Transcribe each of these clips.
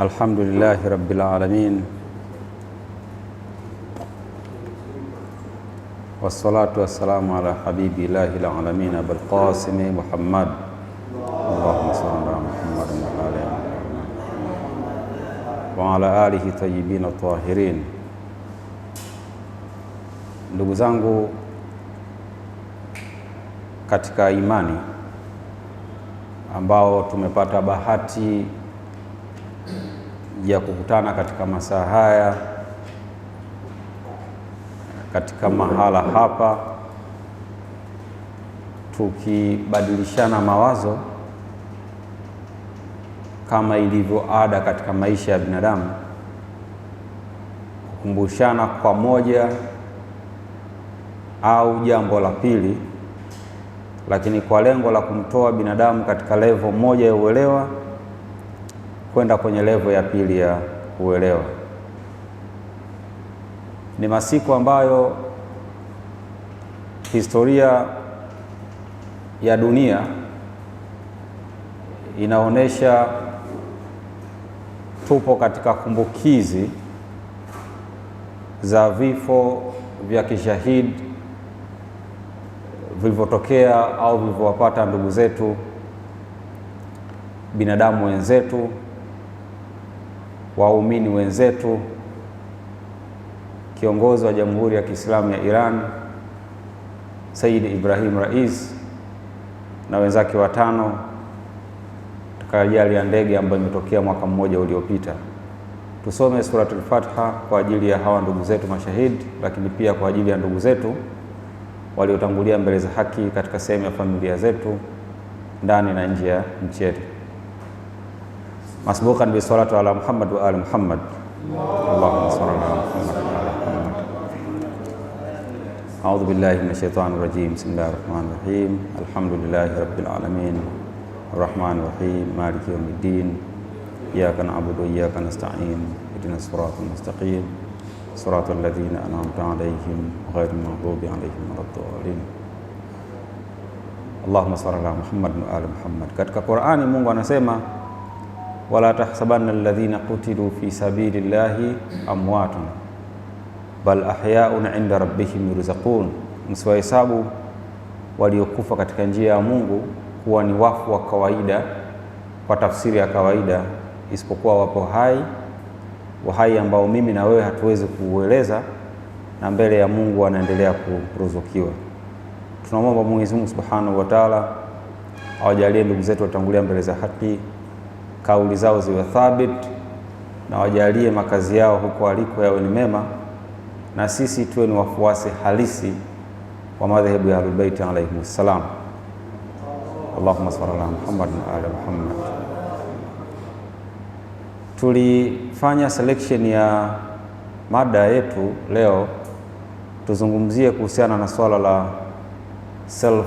Alhamdulillahi rabbil alamin wassalatu wassalamu ala habibi llahi lalamin abul Muhammad. Allahumma salli ala Muhammad wa ala alihi tayyibin tahirin. Ndugu zangu katika imani ambao tumepata bahati ya kukutana katika masaa haya katika mahala hapa tukibadilishana mawazo kama ilivyo ada katika maisha ya binadamu, kukumbushana kwa moja au jambo la pili, lakini kwa lengo la kumtoa binadamu katika levo moja ya uelewa kwenda kwenye levo ya pili ya uelewa. Ni masiku ambayo historia ya dunia inaonyesha tupo katika kumbukizi za vifo vya kishahidi vilivyotokea au vilivyowapata ndugu zetu, binadamu wenzetu waumini wenzetu, kiongozi wa Jamhuri ya Kiislamu ya Iran Said Ibrahim Rais na wenzake watano katika ajali ya ndege ambayo imetokea mwaka mmoja uliopita. Tusome Suratul Fatiha kwa ajili ya hawa ndugu zetu mashahidi, lakini pia kwa ajili ya ndugu zetu waliotangulia mbele za haki katika sehemu ya familia zetu ndani na nje ya nchi yetu. مسبوقا بالصلاة على محمد وآل محمد اللهم صل على محمد وآل محمد أعوذ بالله من الشيطان الرجيم بسم الله الرحمن الرحيم الحمد لله رب العالمين الرحمن الرحيم مالك يوم الدين إياك نعبد وإياك نستعين اهدنا الصراط المستقيم صراط الذين أنعمت عليهم غير المغضوب عليهم ولا الضالين اللهم صل على محمد وآل محمد القرآن Qur'ani أنا سيما wala tahsabanna alladhina qutilu fi sabilillahi amwatun bal ahyaun inda rabbihim yurzaqun, msiwahesabu waliokufa katika njia ya Mungu kuwa ni wafu wa kawaida kwa tafsiri ya kawaida, isipokuwa wapo hai, uhai ambao mimi na wewe hatuwezi kuueleza, na mbele ya Mungu wanaendelea kuruzukiwa. Tunamwomba Mwenyezi Mungu Subhanahu wa Ta'ala awajalie ndugu zetu watangulia mbele za haki kauli zao ziwe thabit, na wajalie makazi yao huko waliko yawe ni mema, na sisi tuwe ni wafuasi halisi wa madhehebu ya Ahlulbeiti alaihim ssalam. Allahumma salli ala Muhammad wa ala Muhammad. Tulifanya selection ya mada yetu leo, tuzungumzie kuhusiana na swala la self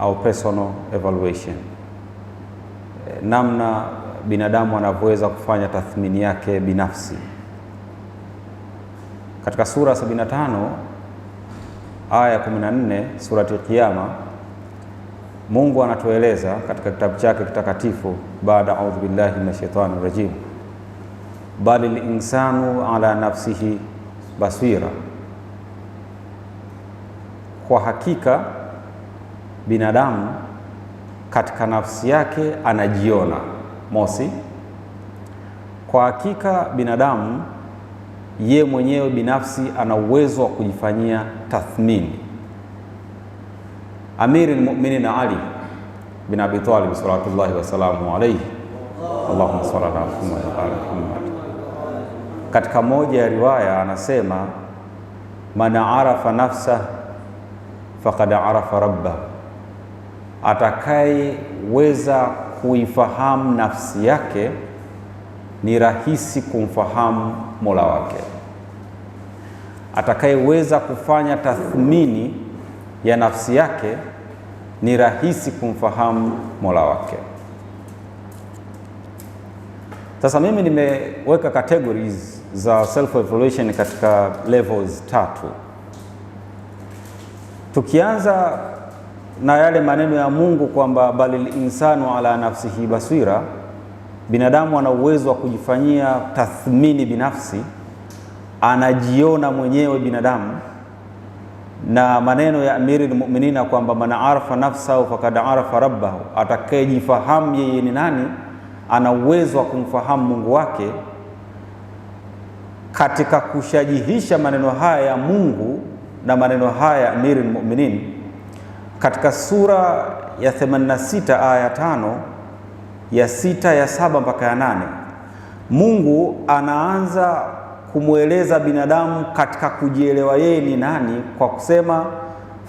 au personal evaluation, e, namna binadamu anavyoweza kufanya tathmini yake binafsi. Katika sura 75 aya 14 surati Qiyama, Mungu anatueleza katika kitabu chake kitakatifu, baada audhu billahi minashaitani rajim, bali linsanu ala nafsihi basira, kwa hakika binadamu katika nafsi yake anajiona Mosi, kwa hakika binadamu ye mwenyewe binafsi ana uwezo wa kujifanyia tathmini. Amiri lmuminin Ali bin Abi Talib salawatullahi wasalamu alaihi, allahumma salli ala Muhammad wa ala Muhammad. Katika moja ya riwaya anasema man arafa nafsah faqad arafa rabbah, atakayeweza kuifahamu nafsi yake, ni rahisi kumfahamu Mola wake. Atakayeweza kufanya tathmini ya nafsi yake, ni rahisi kumfahamu Mola wake. Sasa mimi nimeweka categories za self evaluation katika levels tatu, tukianza na yale maneno ya Mungu kwamba balil insanu ala nafsihi basira, binadamu ana uwezo wa kujifanyia tathmini binafsi, anajiona mwenyewe binadamu, na maneno ya Amiri Muminina kwamba man arafa nafsahu fakad arafa rabbahu, atakayejifahamu yeye ni nani, ana uwezo wa kumfahamu Mungu wake. Katika kushajihisha maneno haya ya Mungu na maneno haya ya Amiri Muminin katika sura ya 86 aya tano 5 ya sita ya saba mpaka ya nane Mungu anaanza kumweleza binadamu katika kujielewa yeye ni nani kwa kusema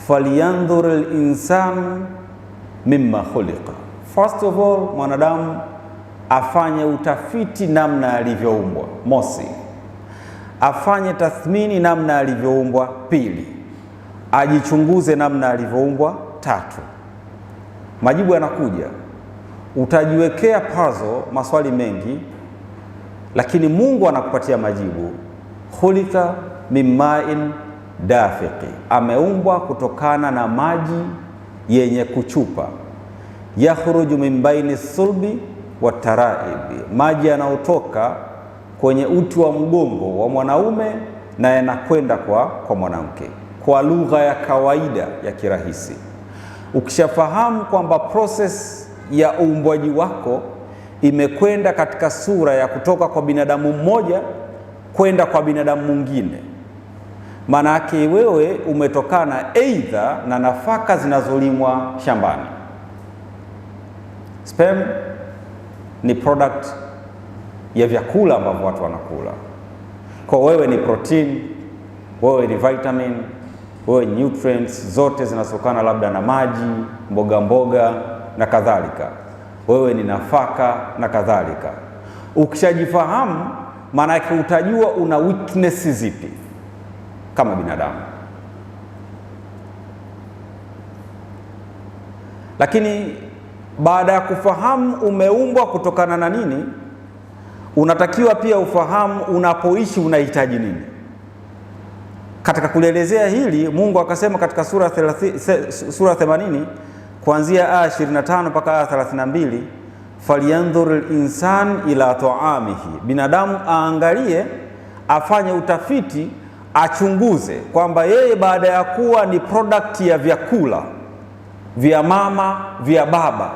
falyandhur linsanu mimma khuliqa. First of all, mwanadamu afanye utafiti namna alivyoumbwa, mosi, afanye tathmini namna alivyoumbwa, pili ajichunguze namna alivyoumbwa. Tatu, majibu yanakuja. Utajiwekea pazo maswali mengi, lakini Mungu anakupatia majibu. Khulika mimain dafiqi, ameumbwa kutokana na maji yenye kuchupa. Yakhruju min baini sulbi wa taraibi, maji yanayotoka kwenye uti wa mgongo wa mwanaume na yanakwenda kwa, kwa mwanamke kwa lugha ya kawaida ya kirahisi. Ukishafahamu kwamba proses ya uumbwaji wako imekwenda katika sura ya kutoka kwa binadamu mmoja kwenda kwa binadamu mwingine, maana yake wewe umetokana aidha na nafaka zinazolimwa shambani. Sperm ni product ya vyakula ambavyo watu wanakula. Kwa wewe ni protein, wewe ni vitamin wewe nutrients zote zinazotokana labda na maji, mboga mboga na kadhalika, wewe ni nafaka na kadhalika. Ukishajifahamu maana yake utajua una weakness zipi kama binadamu. Lakini baada ya kufahamu umeumbwa kutokana na nini, unatakiwa pia ufahamu unapoishi unahitaji nini. Katika kulielezea hili Mungu akasema katika sura 30, sura 80 kuanzia aya 25 mpaka aya 32, falyanzur linsan ila taamihi, binadamu aangalie, afanye utafiti, achunguze kwamba yeye baada ya kuwa ni product ya vyakula vya mama vya baba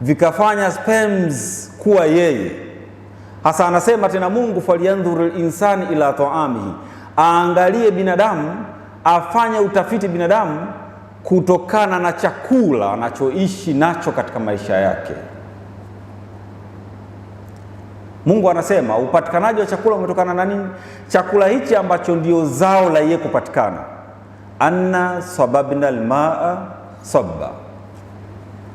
vikafanya sperms kuwa yeye hasa. Anasema tena Mungu falyanzur linsan ila taamihi aangalie binadamu, afanye utafiti binadamu kutokana na chakula anachoishi nacho katika maisha yake. Mungu anasema upatikanaji wa chakula umetokana na nini? Chakula hichi ambacho ndio zao la yeye kupatikana. Anna sababna almaa sabba,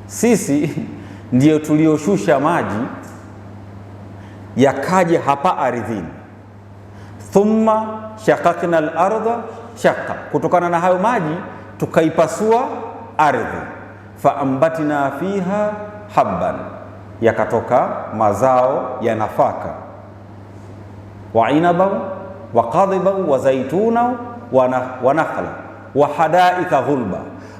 sisi ndiyo tulioshusha maji yakaje hapa ardhini thumma shaqaqna al-ardha shaqa, kutokana na hayo maji tukaipasua ardhi, faambatna fiha habban, yakatoka mazao ya nafaka, wa inaban wa qadhiban wa zaituna wa nakhla wa hadaika ghulba.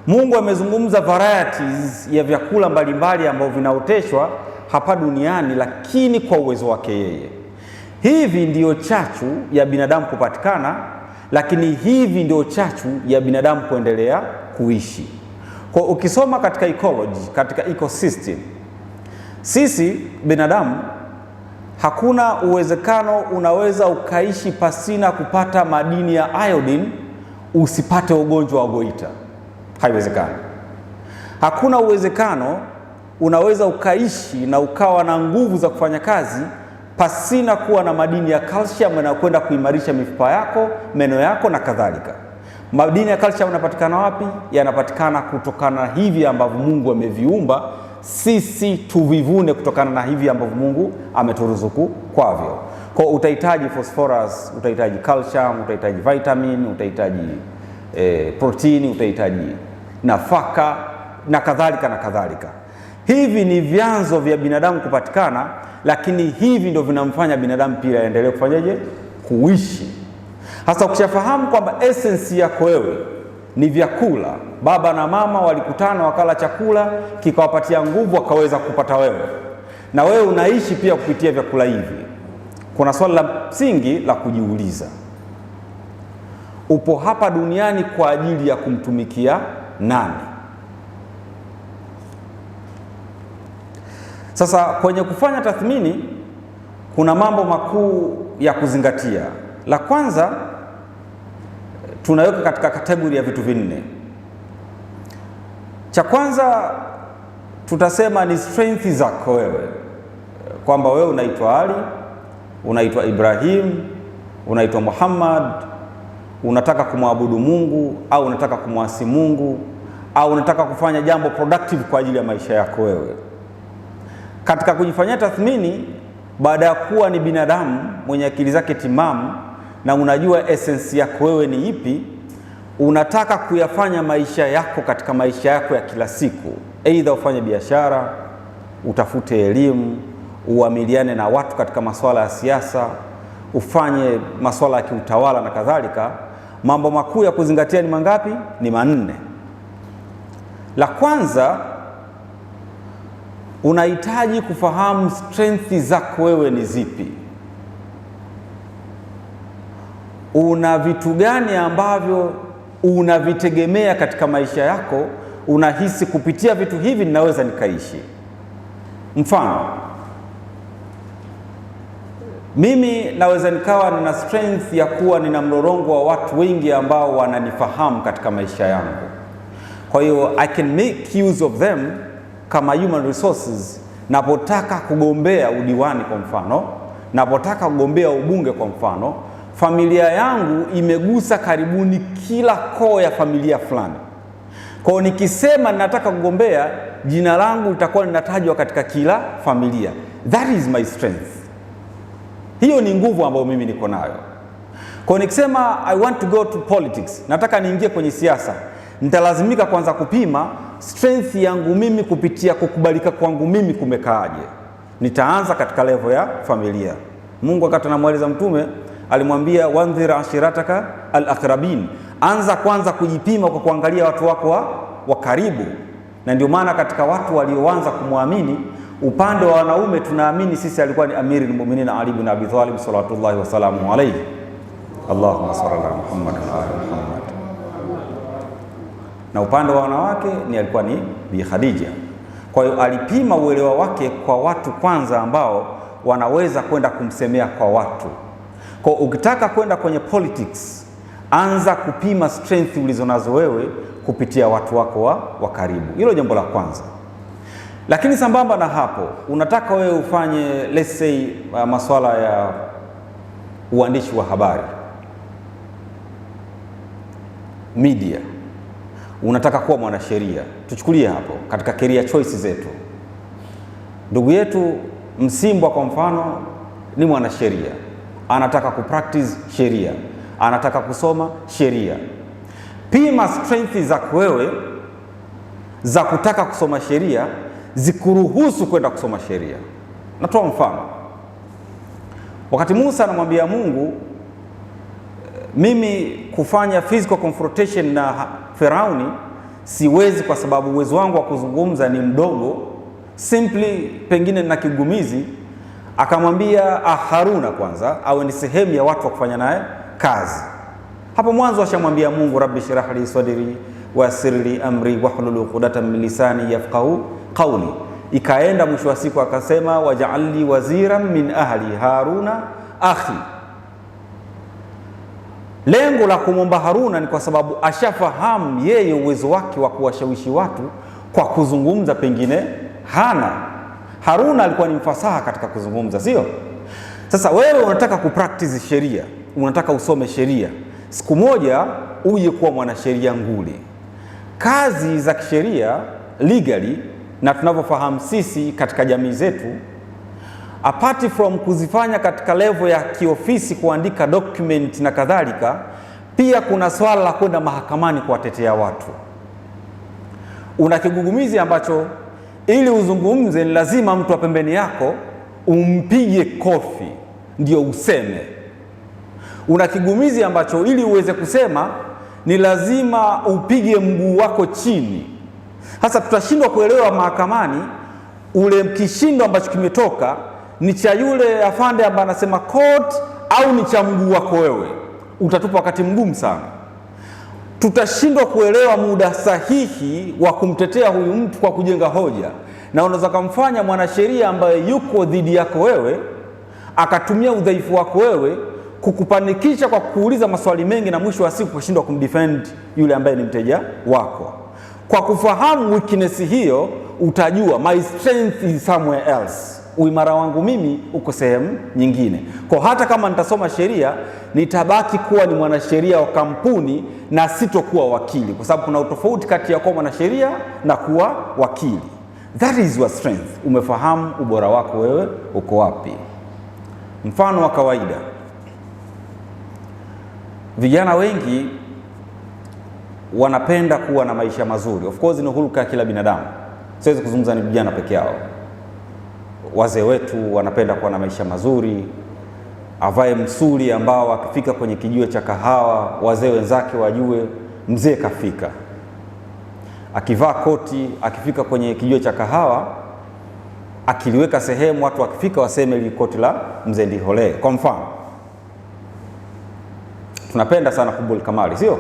Mungu amezungumza varieties ya vyakula mbalimbali ambavyo vinaoteshwa hapa duniani, lakini kwa uwezo wake yeye Hivi ndiyo chachu ya binadamu kupatikana, lakini hivi ndio chachu ya binadamu kuendelea kuishi. Kwa ukisoma katika ecology, katika ecosystem, sisi binadamu hakuna uwezekano unaweza ukaishi pasina kupata madini ya iodine usipate ugonjwa wa goita. Haiwezekani. Hakuna uwezekano unaweza ukaishi na ukawa na nguvu za kufanya kazi pasina kuwa na madini ya calcium yanayokwenda kuimarisha mifupa yako, meno yako na kadhalika. Madini ya calcium yanapatikana wapi? Yanapatikana kutokana na hivi ambavyo Mungu ameviumba sisi tuvivune kutokana na hivi ambavyo Mungu ameturuzuku kwavyo. Kwa utahitaji phosphorus, utahitaji calcium, utahitaji vitamin, utahitaji eh, protini, utahitaji nafaka na kadhalika na kadhalika. Hivi ni vyanzo vya binadamu kupatikana, lakini hivi ndio vinamfanya binadamu pia aendelee kufanyaje? Kuishi. Hasa ukishafahamu kwamba essence yako wewe ni vyakula, baba na mama walikutana wakala chakula kikawapatia nguvu, wakaweza kupata wewe, na wewe unaishi pia kupitia vyakula hivi. Kuna swali la msingi la kujiuliza, upo hapa duniani kwa ajili ya kumtumikia nani? Sasa kwenye kufanya tathmini kuna mambo makuu ya kuzingatia. La kwanza tunaweka katika kategori ya vitu vinne. Cha kwanza tutasema ni strength zako wewe, kwamba wewe unaitwa Ali, unaitwa Ibrahim, unaitwa Muhammad, unataka kumwabudu Mungu au unataka kumwasi Mungu au unataka kufanya jambo productive kwa ajili ya maisha yako wewe. Katika kujifanyia tathmini, baada ya kuwa ni binadamu mwenye akili zake timamu na unajua esensi yako wewe ni ipi, unataka kuyafanya maisha yako katika maisha yako ya kila siku, aidha ufanye biashara, utafute elimu, uamiliane na watu katika masuala ya siasa, ufanye masuala ya kiutawala na kadhalika. Mambo makuu ya kuzingatia ni mangapi? Ni manne. La kwanza unahitaji kufahamu strength zako wewe ni zipi, una vitu gani ambavyo unavitegemea katika maisha yako, unahisi kupitia vitu hivi ninaweza nikaishi. Mfano, mimi naweza nikawa nina strength ya kuwa nina mlorongo wa watu wengi ambao wananifahamu katika maisha yangu, kwa hiyo I can make use of them kama human resources, napotaka kugombea udiwani kwa mfano, napotaka kugombea ubunge kwa mfano, familia yangu imegusa karibuni kila koo ya familia fulani. Kwa nikisema nataka kugombea, jina langu litakuwa linatajwa katika kila familia. That is my strength. Hiyo ni nguvu ambayo mimi niko nayo. Kwa nikisema I want to go to politics, nataka niingie kwenye siasa, nitalazimika kwanza kupima strength yangu mimi kupitia kukubalika kwangu mimi kumekaaje? Nitaanza katika levo ya familia. Mungu akati anamweleza Mtume alimwambia wandhir ashirataka alakrabin anza kwanza kujipima kwa kuangalia watu wako wa karibu. Na ndio maana katika watu walioanza kumwamini upande wa wanaume tunaamini sisi alikuwa ni amiri lmuminin Ali bin Abi Talib salawatullahi wasalamu alaihi. Allahumma salli ala Muhammad wa ala Muhammad na upande wa wanawake ni alikuwa ni Bi Khadija. Kwa hiyo alipima uelewa wake kwa watu kwanza ambao wanaweza kwenda kumsemea kwa watu. Kwa ukitaka kwenda kwenye politics, anza kupima strength ulizonazo wewe kupitia watu wako wa karibu. Hilo jambo la kwanza. Lakini sambamba na hapo, unataka wewe ufanye let's say uh, masuala ya uandishi wa habari media unataka kuwa mwanasheria, tuchukulie hapo katika career choice zetu, ndugu yetu Msimbwa kwa mfano ni mwanasheria, anataka kupractice sheria, anataka kusoma sheria. Pima strength za kwewe za kutaka kusoma sheria zikuruhusu kwenda kusoma sheria. Natoa mfano, wakati Musa anamwambia Mungu, eh, mimi kufanya physical confrontation na Firauni siwezi kwa sababu uwezo wangu wa kuzungumza ni mdogo, simply pengine na kigumizi. Akamwambia ah, Haruna kwanza awe ni sehemu ya watu wa kufanya naye kazi. Hapo mwanzo ashamwambia Mungu, rabbi shrah li sadri wasirli amri wahlul uqdatan min lisani yafqahu qawli. Ikaenda mwisho wa siku akasema, waj'alni waziran min ahli haruna akhi Lengo la kumwomba Haruna ni kwa sababu ashafahamu yeye uwezo wake wa kuwashawishi watu kwa kuzungumza, pengine hana. Haruna alikuwa ni mfasaha katika kuzungumza, sio? Sasa wewe unataka kupractice sheria, unataka usome sheria, siku moja uje kuwa mwanasheria nguli. Kazi za kisheria legally na tunavyofahamu sisi katika jamii zetu apart from kuzifanya katika levo ya kiofisi, kuandika document na kadhalika, pia kuna swala la kwenda mahakamani kuwatetea watu. Una kigugumizi ambacho ili uzungumze ni lazima mtu wa pembeni yako umpige kofi ndio useme. Una kigumizi ambacho ili uweze kusema ni lazima upige mguu wako chini. Sasa tutashindwa kuelewa mahakamani ule kishindo ambacho kimetoka ni cha yule afande ambaye anasema court au ni cha mguu wako wewe, utatupa wakati mgumu sana. Tutashindwa kuelewa muda sahihi wa kumtetea huyu mtu kwa kujenga hoja, na unaweza kumfanya mwanasheria ambaye yuko dhidi yako wewe akatumia udhaifu wako wewe kukupanikisha kwa kuuliza maswali mengi, na mwisho wa siku kushindwa kumdefend yule ambaye ni mteja wako. Kwa kufahamu weakness hiyo, utajua my strength is somewhere else uimara wangu mimi uko sehemu nyingine. Kwa hata kama nitasoma sheria, nitabaki kuwa ni mwanasheria wa kampuni na sitokuwa wakili, kwa sababu kuna utofauti kati ya kuwa mwanasheria na kuwa wakili. That is your strength. Umefahamu ubora wako wewe uko wapi? Mfano wa kawaida, vijana wengi wanapenda kuwa na maisha mazuri. Of course ni hulka ya kila binadamu, siwezi kuzungumza ni vijana peke yao wazee wetu wanapenda kuwa na maisha mazuri, avae msuli ambao akifika kwenye kijiwe cha kahawa wazee wenzake wajue mzee kafika. Akivaa koti akifika kwenye kijiwe cha kahawa akiliweka sehemu, watu wakifika waseme ili koti la mzee Ndihole. Kwa mfano, tunapenda sana kubul kamali, sio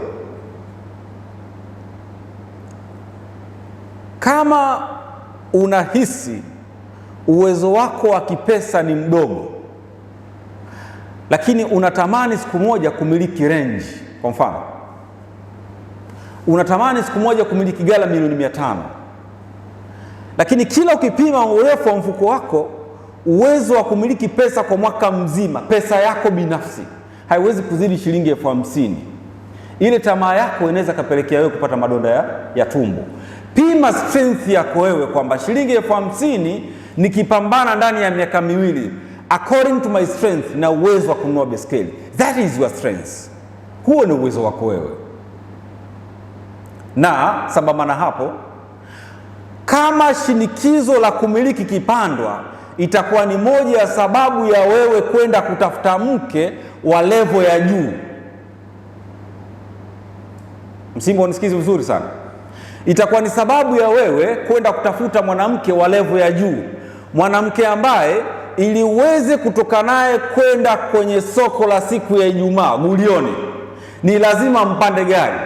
kama unahisi uwezo wako wa kipesa ni mdogo, lakini unatamani siku moja kumiliki renji. Kwa mfano, unatamani siku moja kumiliki gala milioni mia tano, lakini kila ukipima urefu wa mfuko wako, uwezo wa kumiliki pesa kwa mwaka mzima, pesa yako binafsi haiwezi kuzidi shilingi elfu hamsini. Ile tamaa yako inaweza kapelekea wewe kupata madonda ya, ya tumbo. Pima strength yako wewe kwamba shilingi elfu hamsini nikipambana ndani ya miaka miwili according to my strength, na uwezo wa kunua baiskeli. That is your strength. Huo ni uwezo wako wewe, na sambamba na hapo, kama shinikizo la kumiliki kipandwa, itakuwa ni moja ya sababu ya wewe kwenda kutafuta mke wa levo ya juu. Msimbo, unisikizi vizuri sana, itakuwa ni sababu ya wewe kwenda kutafuta mwanamke wa levo ya juu mwanamke ambaye ili uweze kutoka naye kwenda kwenye soko la siku ya Ijumaa Gulioni, ni lazima mpande gari,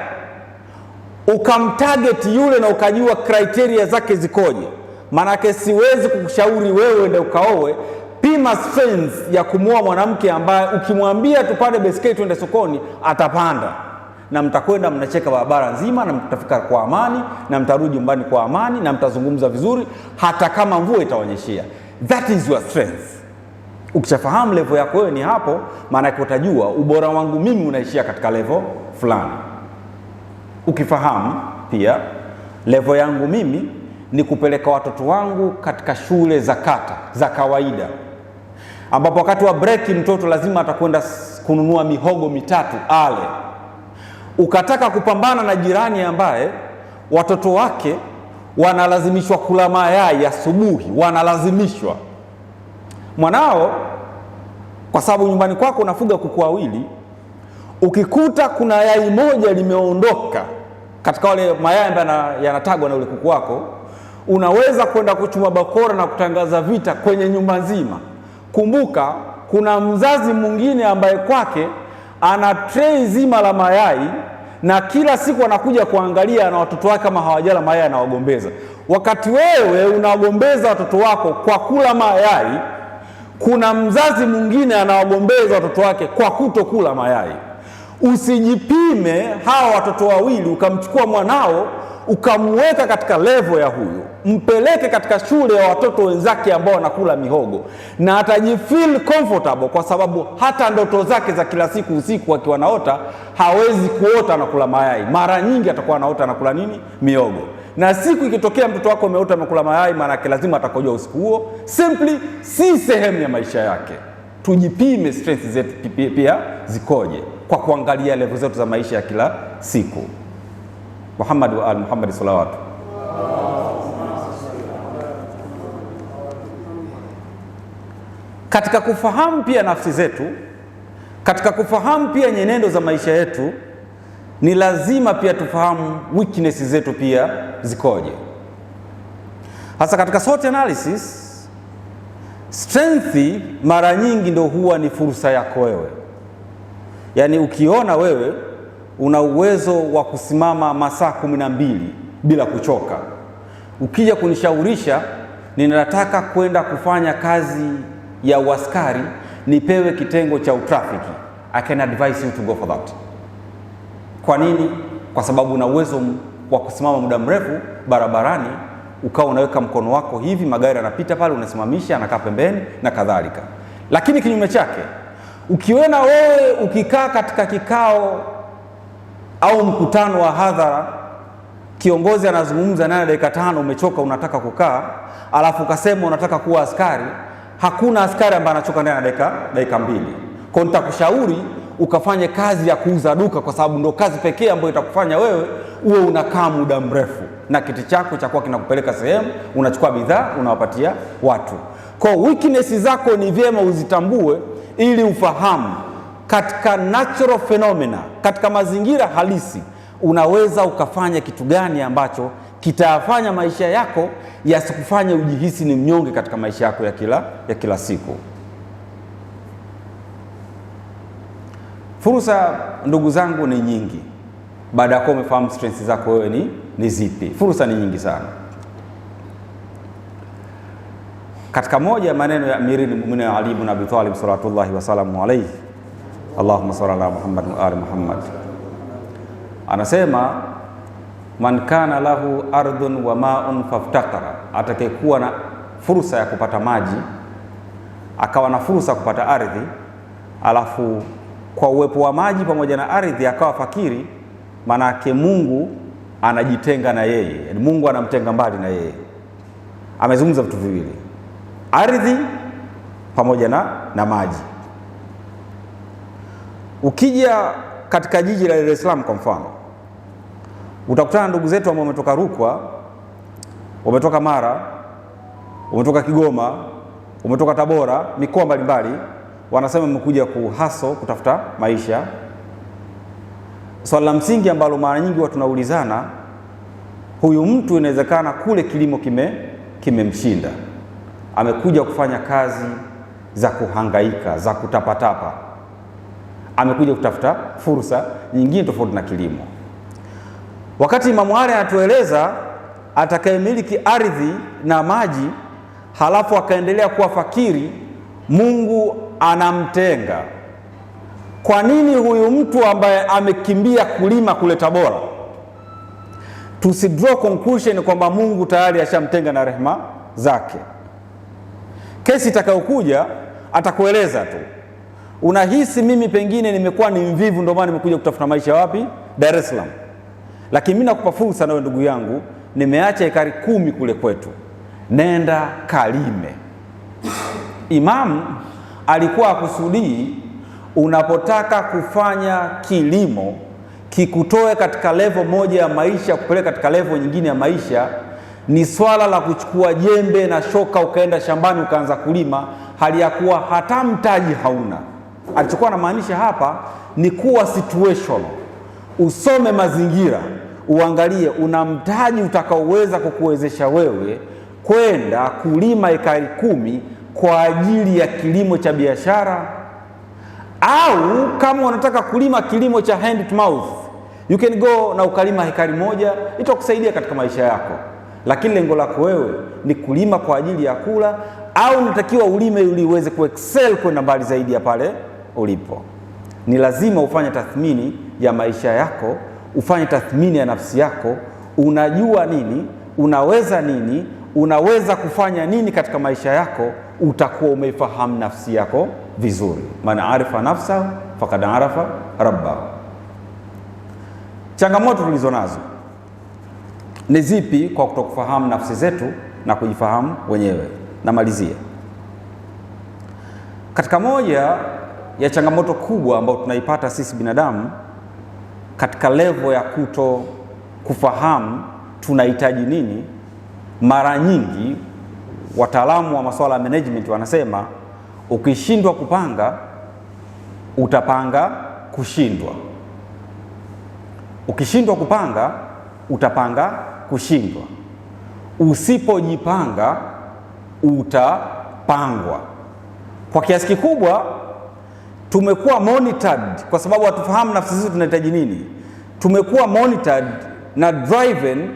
ukamtarget yule na ukajua criteria zake zikoje. Maanake siwezi kukushauri wewe ende ukaowe. Pima strength ya kumua mwanamke ambaye ukimwambia tupande baiskeli twende sokoni atapanda na mtakwenda mnacheka barabara nzima na mtafika kwa amani na mtarudi nyumbani kwa amani na mtazungumza vizuri hata kama mvua itaonyeshia. That is your strength. Ukishafahamu levo yako wewe ni hapo, maanake utajua ubora wangu mimi unaishia katika levo fulani. Ukifahamu pia levo yangu mimi ni kupeleka watoto wangu katika shule za kata za kawaida, ambapo wakati wa breki mtoto lazima atakwenda kununua mihogo mitatu ale ukataka kupambana na jirani ambaye watoto wake wanalazimishwa kula mayai asubuhi, wanalazimishwa mwanao, kwa sababu nyumbani kwako unafuga kuku wawili, ukikuta kuna yai moja limeondoka katika wale mayai ambayo yanatagwa na ule kuku wako, unaweza kwenda kuchuma bakora na kutangaza vita kwenye nyumba nzima. Kumbuka kuna mzazi mwingine ambaye kwake ana trei zima la mayai na kila siku anakuja kuangalia na watoto wake kama hawajala mayai anawagombeza. Wakati wewe unawagombeza watoto wako kwa kula mayai, kuna mzazi mwingine anawagombeza watoto wake kwa kutokula mayai. Usijipime hawa watoto wawili ukamchukua mwanao ukamweka katika levo ya huyu, mpeleke katika shule ya watoto wenzake ambao wanakula mihogo, na atajifeel comfortable, kwa sababu hata ndoto zake za kila siku usiku akiwa naota hawezi kuota na kula mayai. Mara nyingi atakuwa anaota na kula nini? Mihogo. Na siku ikitokea mtoto wako ameota amekula mayai, maana yake lazima atakojoa usiku huo, simply si sehemu ya maisha yake. Tujipime strength zetu pia zikoje, kwa kuangalia levo zetu za maisha ya kila siku. Muhammad wa al Muhammad salawat. Katika kufahamu pia nafsi zetu, katika kufahamu pia nyenendo za maisha yetu, ni lazima pia tufahamu weakness zetu pia zikoje, hasa katika SWOT analysis. Strength mara nyingi ndo huwa ni fursa yako wewe, yaani ukiona wewe una uwezo wa kusimama masaa kumi na mbili bila kuchoka. Ukija kunishaurisha ninataka kwenda kufanya kazi ya uaskari, nipewe kitengo cha utrafiki, I can advise you to go for that. Kwa nini? Kwa sababu una uwezo wa kusimama muda mrefu barabarani ukawa unaweka mkono wako hivi, magari yanapita pale, unasimamisha, anakaa pembeni na kadhalika. Lakini kinyume chake, ukiwena wewe ukikaa katika kikao au mkutano wa hadhara, kiongozi anazungumza naye dakika tano, umechoka unataka kukaa, alafu ukasema unataka kuwa askari. Hakuna askari ambaye anachoka ndani ya dakika dakika mbili. Kwa nitakushauri ukafanye kazi ya kuuza duka, kwa sababu ndio kazi pekee ambayo itakufanya wewe uwe unakaa muda mrefu na kiti chako chakuwa kinakupeleka sehemu, unachukua bidhaa unawapatia watu. Kwa weakness zako ni vyema uzitambue ili ufahamu katika natural phenomena, katika mazingira halisi, unaweza ukafanya kitu gani ambacho kitayafanya maisha yako yasikufanye ujihisi ni mnyonge katika maisha yako ya kila, ya kila siku. Fursa ndugu zangu ni nyingi, baada ya kuwa umefahamu strengths zako wewe ni, ni zipi. Fursa ni nyingi sana. Katika moja ya maneno ya Amirul Mu'minin Ali ibn Abi Talib sallallahu alaihi wasallam alayhi Allahumma salli ala Muhammad wa ali Muhammad. Anasema man kana lahu ardhun wa maun faftakara, atakayekuwa na fursa ya kupata maji akawa na fursa ya kupata ardhi, alafu kwa uwepo wa maji pamoja na ardhi akawa fakiri, manake Mungu anajitenga na yeye, yaani Mungu anamtenga mbali na yeye. Amezungumza vitu viwili, ardhi pamoja na, na maji Ukija katika jiji la Dar es Salaam kwa mfano, utakutana ndugu zetu ambao wametoka Rukwa, wametoka Mara, wametoka Kigoma, wametoka Tabora, mikoa mbalimbali, wanasema wamekuja kuhaso kutafuta maisha. swala la msingi ambalo mara nyingi watu tunaulizana, huyu mtu inawezekana kule kilimo kime kimemshinda, amekuja kufanya kazi za kuhangaika za kutapatapa amekuja kutafuta fursa nyingine tofauti na kilimo. Wakati Imamu Ali anatueleza atakayemiliki ardhi na maji halafu akaendelea kuwa fakiri, Mungu anamtenga. Kwa nini huyu mtu ambaye amekimbia kulima kule Tabora? Tusidraw conclusion kwamba Mungu tayari ashamtenga na rehema zake. Kesi itakayokuja atakueleza tu Unahisi mimi pengine nimekuwa ni mvivu, ndio maana nimekuja kutafuta maisha wapi? Dar es Salaam. Lakini mimi nakupa fursa nawe, ndugu yangu, nimeacha ekari kumi kule kwetu, nenda kalime. Imamu alikuwa akusudii unapotaka kufanya kilimo kikutoe katika levo moja ya maisha kupeleka katika levo nyingine ya maisha, ni swala la kuchukua jembe na shoka ukaenda shambani ukaanza kulima, hali ya kuwa hata mtaji hauna alichokuwa anamaanisha hapa ni kuwa situation usome mazingira, uangalie una mtaji utakaoweza kukuwezesha wewe kwenda kulima ekari kumi kwa ajili ya kilimo cha biashara, au kama unataka kulima kilimo cha hand to mouth, you can go na ukalima hekari moja, itakusaidia katika maisha yako, lakini lengo lako wewe ni kulima kwa ajili ya kula, au unatakiwa ulime ili uweze kuexcel kwenda mbali zaidi ya pale ulipo. Ni lazima ufanye tathmini ya maisha yako, ufanye tathmini ya nafsi yako. Unajua nini? Unaweza nini? Unaweza kufanya nini katika maisha yako? Utakuwa umeifahamu nafsi yako vizuri. Man arifa nafsa fakad arafa rabbahu. Changamoto tulizo nazo ni zipi kwa kutokufahamu nafsi zetu na kujifahamu wenyewe? Namalizia katika moja ya changamoto kubwa ambayo tunaipata sisi binadamu katika levo ya kuto kufahamu tunahitaji nini. Mara nyingi wataalamu wa masuala ya management wanasema ukishindwa kupanga utapanga kushindwa, ukishindwa kupanga utapanga kushindwa, usipojipanga utapangwa. Kwa kiasi kikubwa tumekuwa monitored kwa sababu hatufahamu nafsi zetu tunahitaji nini. Tumekuwa monitored na driven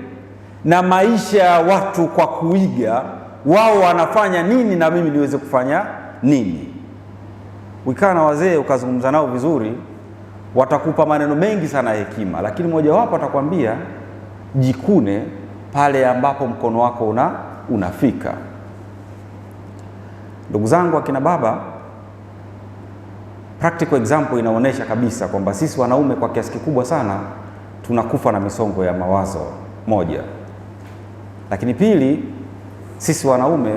na maisha ya watu kwa kuiga wao wanafanya nini na mimi niweze kufanya nini. Ukikaa na wazee ukazungumza nao vizuri, watakupa maneno mengi sana ya hekima, lakini mojawapo atakwambia jikune pale ambapo mkono wako una unafika. Ndugu zangu akina baba practical example inaonyesha kabisa kwamba sisi wanaume kwa kiasi kikubwa sana tunakufa na misongo ya mawazo moja, lakini pili, sisi wanaume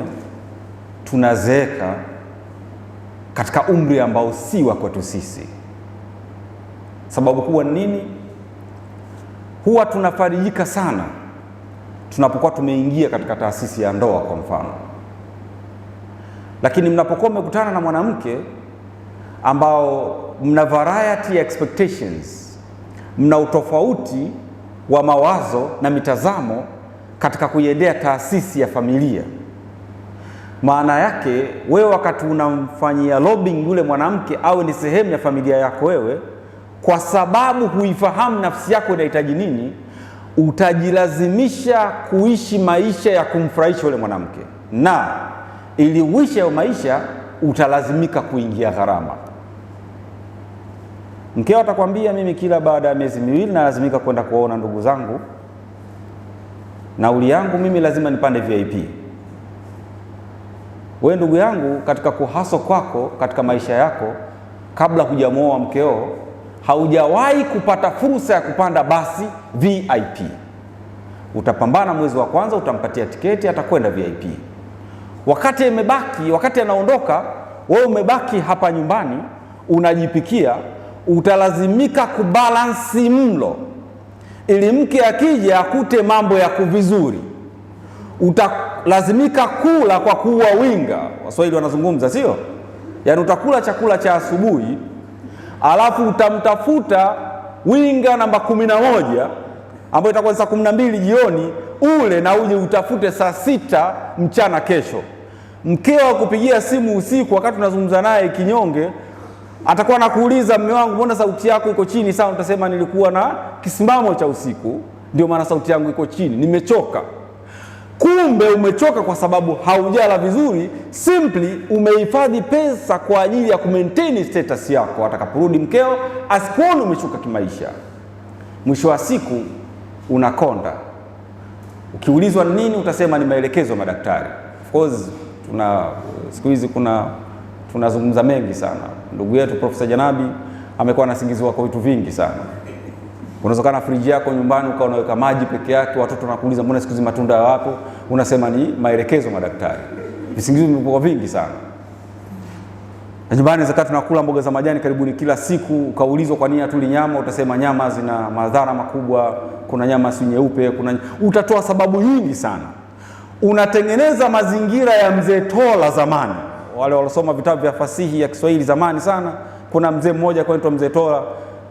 tunazeeka katika umri ambao si wa kwetu sisi. Sababu kubwa ni nini? Huwa tunafarijika sana tunapokuwa tumeingia katika taasisi ya ndoa kwa mfano, lakini mnapokuwa mmekutana na mwanamke ambao mna variety ya expectations, mna utofauti wa mawazo na mitazamo katika kuiendea taasisi ya familia. Maana yake wewe, wakati unamfanyia lobbying yule mwanamke awe ni sehemu ya familia yako wewe, kwa sababu huifahamu nafsi yako inahitaji nini, utajilazimisha kuishi maisha ya kumfurahisha yule mwanamke, na ili uishi hayo maisha utalazimika kuingia gharama. Mkeo atakwambia mimi kila baada ya miezi miwili nalazimika kwenda kuona ndugu zangu, nauli yangu mimi lazima nipande VIP. We ndugu yangu, katika kuhaso kwako katika maisha yako, kabla hujamwoa mkeo, haujawahi kupata fursa ya kupanda basi VIP. Utapambana mwezi wa kwanza, utampatia tiketi, atakwenda VIP. Wakati imebaki, wakati anaondoka, wewe umebaki hapa nyumbani unajipikia utalazimika kubalansi mlo ili mke akija akute mambo ya kuvizuri Utalazimika kula kwa kuwa winga, Waswahili wanazungumza, sio? Yaani utakula chakula cha asubuhi, alafu utamtafuta winga namba kumi na moja ambayo itakuwa saa kumi na mbili jioni, ule na uje utafute saa sita mchana kesho. Mkeo akupigia simu usiku wakati unazungumza naye kinyonge atakuwa nakuuliza, mme wangu, mbona sauti yako iko chini sana? Utasema nilikuwa na kisimamo cha usiku, ndio maana sauti yangu iko chini, nimechoka. Kumbe umechoka kwa sababu haujala vizuri, simply umehifadhi pesa kwa ajili ya kumaintain status yako, atakaporudi mkeo asikuone umechoka kimaisha. Mwisho wa siku unakonda. Ukiulizwa nini, utasema ni maelekezo ya madaktari. Of course tuna siku hizi kuna tunazungumza mengi sana Ndugu yetu Profesa Janabi amekuwa anasingiziwa kwa vitu vingi sana. Unawezekana friji yako nyumbani ukawa unaweka maji peke yake, watoto wanakuuliza mbona sikuzi matunda yawapo? Unasema ni maelekezo madaktari. Visingizio vimekuwa vingi sana. Na nyumbani zakati tunakula mboga za majani karibuni kila siku, ukaulizwa kwa nini hatuli nyama, utasema nyama zina madhara makubwa, kuna nyama si nyeupe, kuna utatoa sababu nyingi sana. Unatengeneza mazingira ya mzee Tola zamani wale walosoma vitabu vya fasihi ya Kiswahili zamani sana, kuna mzee mmoja kwa mzee Tola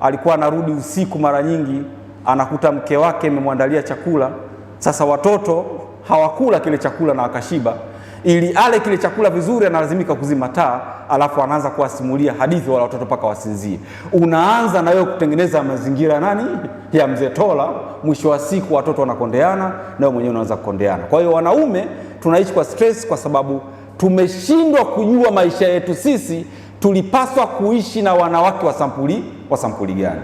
alikuwa anarudi usiku mara nyingi, anakuta mke wake amemwandalia chakula. Sasa watoto hawakula kile chakula na wakashiba. Ili ale kile chakula vizuri, analazimika kuzima taa, alafu anaanza kuwasimulia hadithi wala watoto mpaka wasinzie. Unaanza na wewe kutengeneza mazingira nani ya mzee Tola, mwisho wa siku watoto wanakondeana na wewe mwenyewe unaanza kukondeana. Kwa hiyo wanaume tunaishi kwa stress kwa sababu tumeshindwa kujua maisha yetu sisi tulipaswa kuishi na wanawake wa sampuli, wa sampuli gani?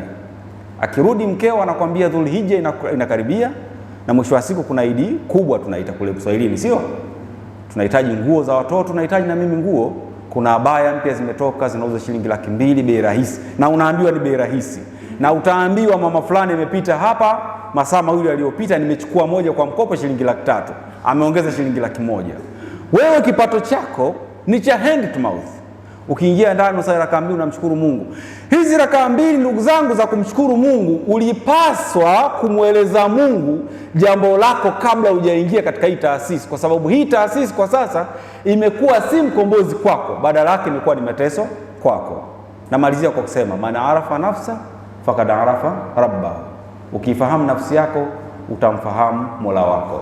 Akirudi mkeo anakwambia Dhulhija inakaribia na mwisho wa siku kuna Idi kubwa tunaita kule Kiswahilini, sio? Tunahitaji nguo za watoto, tunahitaji na mimi nguo. Kuna abaya mpya zimetoka zinauza shilingi laki mbili, bei rahisi, na unaambiwa ni bei rahisi, na utaambiwa mama fulani amepita hapa masaa mawili aliyopita, nimechukua moja kwa mkopo shilingi laki tatu, ameongeza shilingi laki moja. Wewe kipato chako ni cha hand to mouth. Ukiingia ndani usali rakaa mbili unamshukuru Mungu. Hizi rakaa mbili ndugu zangu za kumshukuru Mungu, ulipaswa kumweleza Mungu jambo lako kabla hujaingia katika hii taasisi, kwa sababu hii taasisi kwa sasa imekuwa si mkombozi kwako, badala yake imekuwa ni mateso kwako. Namalizia kwa kusema man arafa nafsa fakad arafa rabba ukiifahamu nafsi yako utamfahamu mola wako.